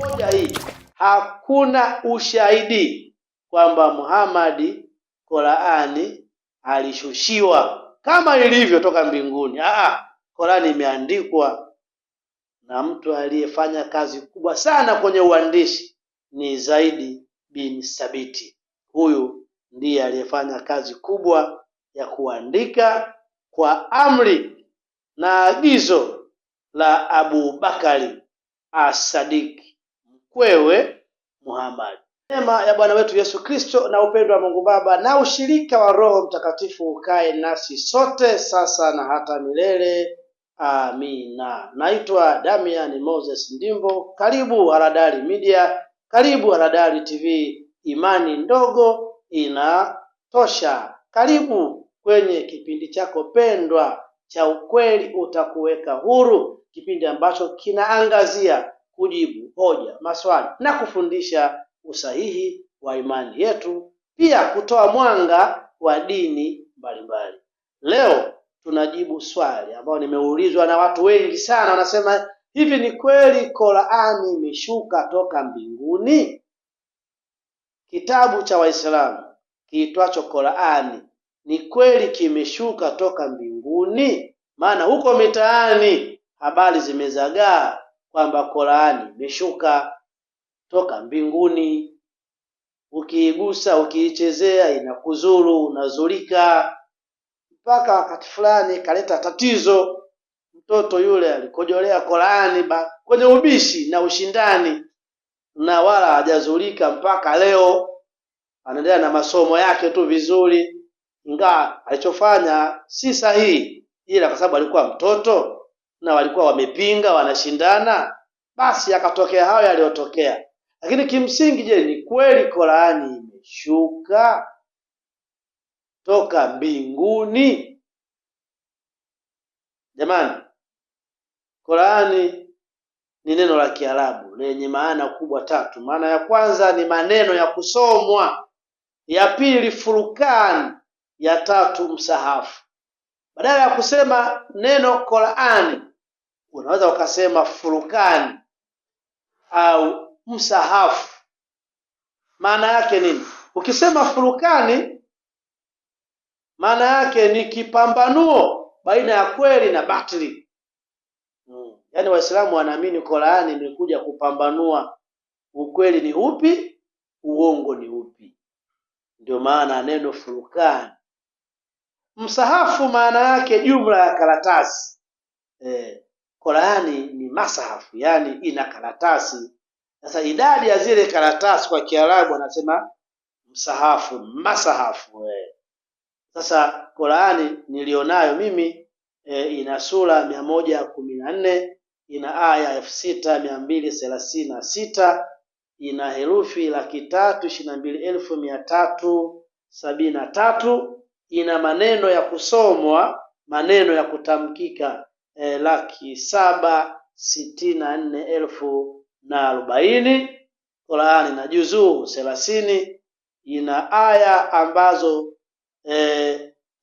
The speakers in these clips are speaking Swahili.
Moja hii hakuna ushahidi kwamba Muhammad Qur'ani alishushiwa kama ilivyo toka mbinguni. Ah, Qur'ani imeandikwa na mtu aliyefanya kazi kubwa sana kwenye uandishi ni Zaidi bin Sabiti. Huyu ndiye aliyefanya kazi kubwa ya kuandika kwa amri na agizo la Abu Bakari Asadiki mkwewe Muhammad. Neema ya Bwana wetu Yesu Kristo na upendo wa Mungu Baba na ushirika wa Roho Mtakatifu ukae nasi sote sasa na hata milele. Amina. Naitwa Damian Moses Ndimbo. Karibu Haradali Media, karibu Haradali TV. Imani ndogo inatosha. Karibu kwenye kipindi chako pendwa cha ukweli utakuweka huru, kipindi ambacho kinaangazia kujibu hoja, maswali na kufundisha usahihi wa imani yetu, pia kutoa mwanga wa dini mbalimbali. Leo tunajibu swali ambayo nimeulizwa na watu wengi sana, wanasema hivi, ni kweli Qur'ani imeshuka toka mbinguni? Kitabu cha Waislamu kiitwacho Qur'ani ni kweli kimeshuka toka mbinguni? Maana huko mitaani habari zimezagaa kwamba Qur'ani imeshuka toka mbinguni, ukiigusa ukiichezea inakuzuru, unazulika. Mpaka wakati fulani ikaleta tatizo, mtoto yule alikojolea Qur'ani kwenye ubishi na ushindani, na wala hajazulika mpaka leo, anaendelea na masomo yake tu vizuri ingawa alichofanya si sahihi, ila kwa sababu alikuwa mtoto na walikuwa wamepinga wanashindana, basi akatokea hayo yaliyotokea. Lakini kimsingi, je, ni kweli Qur'ani imeshuka toka mbinguni? Jamani, Qur'ani ni neno la Kiarabu lenye maana kubwa tatu. Maana ya kwanza ni maneno ya kusomwa, ya pili furukani ya tatu msahafu. Badala ya kusema neno Qur'ani unaweza ukasema Furukani au msahafu. Maana yake nini? Ukisema Furukani, maana yake ni kipambanuo baina ya kweli na batili. Hmm. Yaani Waislamu wanaamini Qur'ani imekuja kupambanua ukweli ni upi, uongo ni upi. Ndio maana neno Furukani Msahafu maana yake jumla ya karatasi eh. Qurani ni masahafu, yani ina karatasi. Sasa idadi ya zile karatasi kwa Kiarabu anasema msahafu, masahafu eh. Sasa Qurani nilionayo mimi e, ina sura mia moja kumi na nne ina aya elfu sita mia mbili thelathini na sita ina herufi laki tatu ishirini na mbili elfu mia tatu sabini na tatu ina maneno ya kusomwa, maneno ya kutamkika e, laki saba sitini na nne elfu na arobaini. Qurani na juzuu thelathini ina aya ambazo e,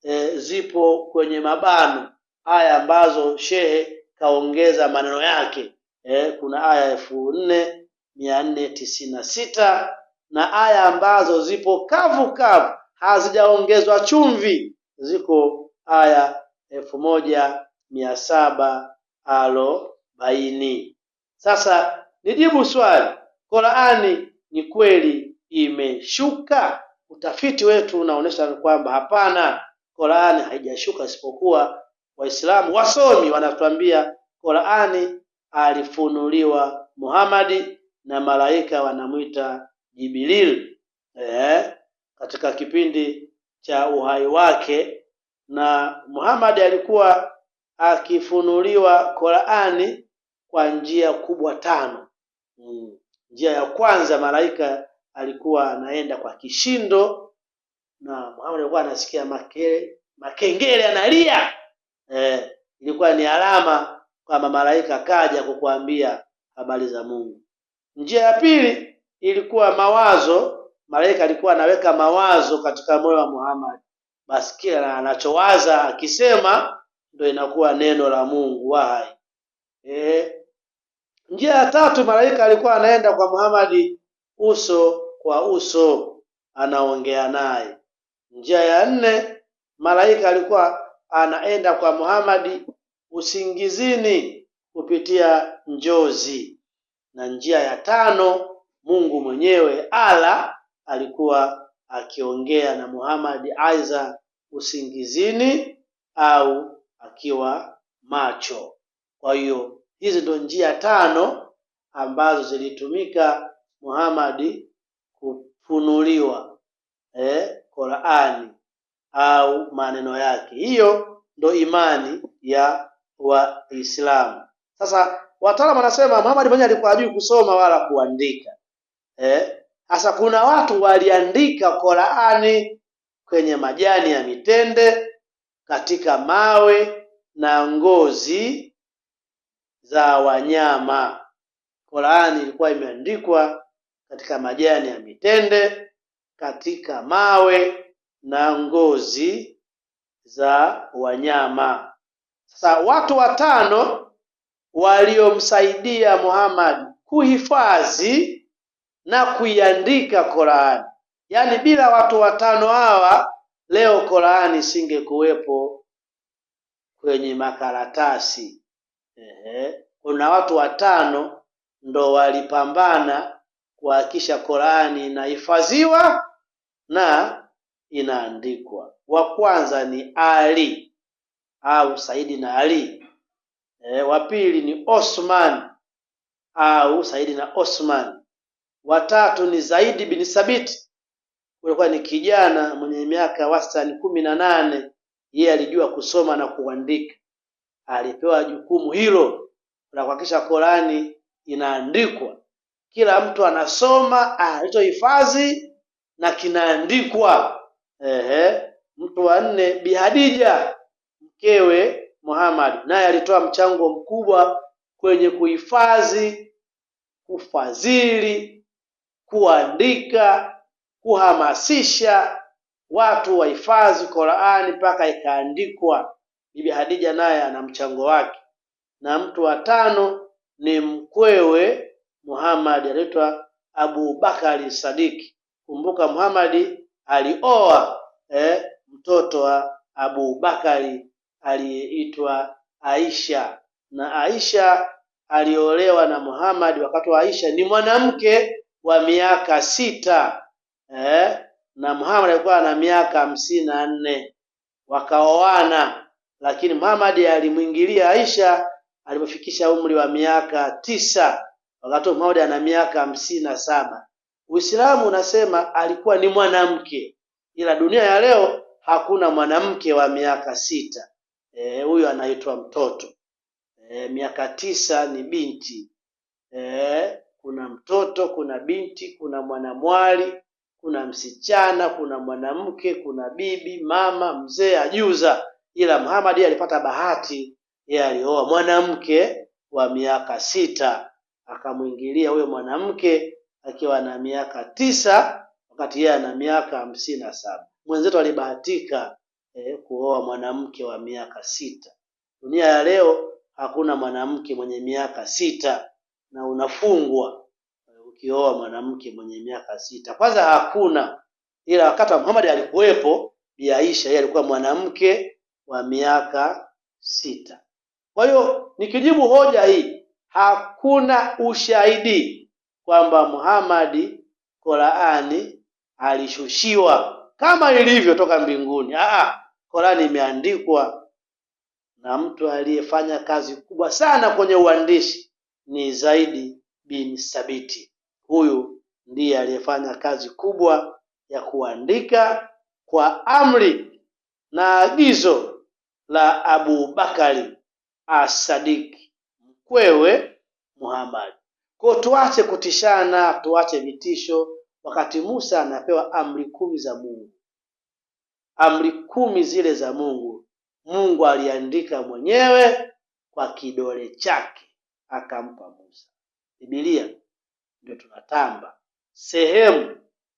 e, zipo kwenye mabano, aya ambazo shehe kaongeza maneno yake e, kuna aya elfu nne mia nne tisini na sita na aya ambazo zipo kavu kavu hazijaongezwa chumvi, ziko aya elfu moja mia saba arobaini. Sasa nijibu swali, Qur'ani ni kweli imeshuka? Utafiti wetu unaonesha kwamba hapana, Qur'ani haijashuka, isipokuwa Waislamu wasomi wanatuambia Qur'ani alifunuliwa Muhammad na malaika wanamwita Jibril eh katika kipindi cha uhai wake, na Muhammad alikuwa akifunuliwa Qur'ani kwa njia kubwa tano. Hmm. Njia ya kwanza malaika alikuwa anaenda kwa kishindo, na Muhammad alikuwa anasikia makele, makengele analia. Eh, ilikuwa ni alama kwamba malaika kaja kukuambia habari za Mungu. Njia ya pili ilikuwa mawazo malaika alikuwa anaweka mawazo katika moyo wa Muhammad, basi kila anachowaza akisema ndio inakuwa neno la Mungu wahai. Eh, njia ya tatu malaika alikuwa anaenda kwa Muhammad uso kwa uso, anaongea naye. Njia ya nne malaika alikuwa anaenda kwa Muhammad usingizini kupitia njozi, na njia ya tano Mungu mwenyewe ala alikuwa akiongea na Muhammad aidha usingizini au akiwa macho. Kwa hiyo hizi ndio njia tano ambazo zilitumika Muhammad kufunuliwa eh, Qur'ani au maneno yake. Hiyo ndo imani ya Waislamu. Sasa wataalamu wanasema Muhammad mwenyewe alikuwa hajui kusoma wala kuandika eh, sasa kuna watu waliandika Qur'ani kwenye majani ya mitende, katika mawe na ngozi za wanyama. Qur'ani ilikuwa imeandikwa katika majani ya mitende, katika mawe na ngozi za wanyama. Sasa watu watano waliomsaidia Muhammad kuhifadhi na kuiandika Qur'ani. Yaani bila watu watano hawa leo Qur'ani isingekuwepo kwenye makaratasi. Ehe, kuna watu watano ndo walipambana kuhakikisha Qur'ani inahifadhiwa na inaandikwa. Wa kwanza ni Ali au Saidi na Ali. E, wa pili ni Osman au Saidi na Osman watatu ni Zaidi bin Sabit, ulikuwa ni kijana mwenye miaka wastani kumi na nane. Yeye alijua kusoma na kuandika, alipewa jukumu hilo la kuhakikisha Qurani inaandikwa, kila mtu anasoma alichohifadhi na kinaandikwa. Ehe, mtu wa nne Bi Hadija mkewe Muhammad, naye alitoa mchango mkubwa kwenye kuhifadhi, kufadhili kuandika, kuhamasisha watu wahifadhi Qur'ani mpaka ikaandikwa. Bibi Hadija naye ana mchango wake. Na mtu wa tano ni mkwewe Muhammad, anaitwa Abu Bakari Sadiki. Kumbuka Muhammad alioa eh, mtoto wa Abu Bakari aliyeitwa Aisha, na Aisha aliolewa na Muhammad. Wakati wa Aisha ni mwanamke wa miaka sita eh, na Muhammad alikuwa na miaka hamsini na nne wakaoana, lakini Muhammad alimwingilia Aisha alipofikisha umri wa miaka tisa, wakati Muhammad ana miaka hamsini na saba. Uislamu unasema alikuwa ni mwanamke, ila dunia ya leo hakuna mwanamke wa miaka sita. Eh, huyo huyu anaitwa mtoto. E, miaka tisa ni binti. E, kuna mtoto, kuna binti, kuna mwanamwali, kuna msichana, kuna mwanamke, kuna bibi, mama, mzee, ajuza. Ila Muhammad alipata bahati, yeye alioa mwanamke wa miaka sita, akamwingilia huyo mwanamke akiwa na miaka tisa, wakati yeye ana miaka hamsini na saba. Mwenzetu alibahatika eh, kuoa mwanamke wa miaka sita. Dunia ya leo hakuna mwanamke mwenye miaka sita na unafungwa eh, ukioa mwanamke mwenye miaka sita. Kwanza hakuna ila wakati wa Muhammad alikuwepo Bi Aisha, yeye alikuwa mwanamke wa miaka sita. Kwa hiyo nikijibu hoja hii, hakuna ushahidi kwamba Muhammad Qur'ani alishushiwa kama ilivyo toka mbinguni. Ah, Qur'ani imeandikwa na mtu aliyefanya kazi kubwa sana kwenye uandishi ni zaidi bin Sabiti. Huyu ndiye aliyefanya kazi kubwa ya kuandika kwa amri na agizo la Abu Bakari Asadiki mkwewe Muhammad. Kwa tuache kutishana, tuache vitisho. Wakati Musa anapewa amri kumi za Mungu, amri kumi zile za Mungu, Mungu aliandika mwenyewe kwa kidole chake akampa Musa. Biblia ndio tunatamba sehemu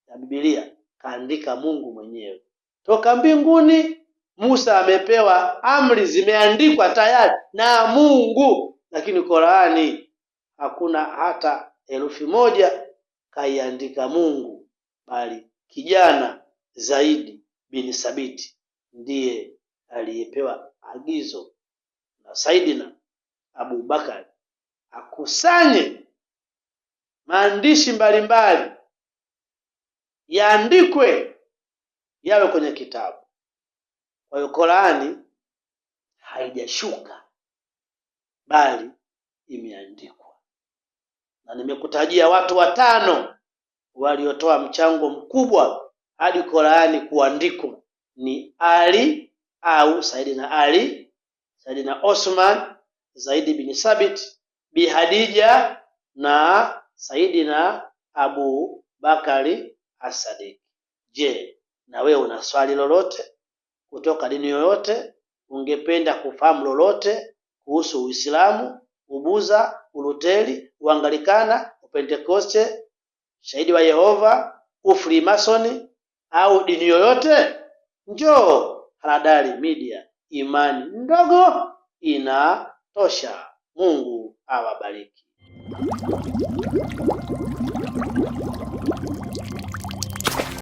ya Biblia kaandika Mungu mwenyewe toka mbinguni. Musa amepewa amri, zimeandikwa tayari na Mungu, lakini Qur'ani hakuna hata herufi moja kaiandika Mungu, bali kijana Zaidi bin Sabiti ndiye aliyepewa agizo na Saidina abu bakar akusanye maandishi mbalimbali yaandikwe yawe kwenye kitabu. Kwa hiyo Qur'ani haijashuka bali imeandikwa, na nimekutajia watu watano waliotoa mchango mkubwa hadi Qur'ani kuandikwa ni Ali au Saidina Ali, Saidina Osman Zaidi bin Sabit Bi Hadija na Saidina Abu Bakari Asadiki. Je, na wewe una swali lolote kutoka dini yoyote? Ungependa kufahamu lolote kuhusu Uislamu, Ubuza, Uluteri, Uangalikana, Upentekoste, Shahidi wa Yehova, Ufrimasoni au dini yoyote? Njoo Haradali Media, imani ndogo inatosha. Mungu awabariki.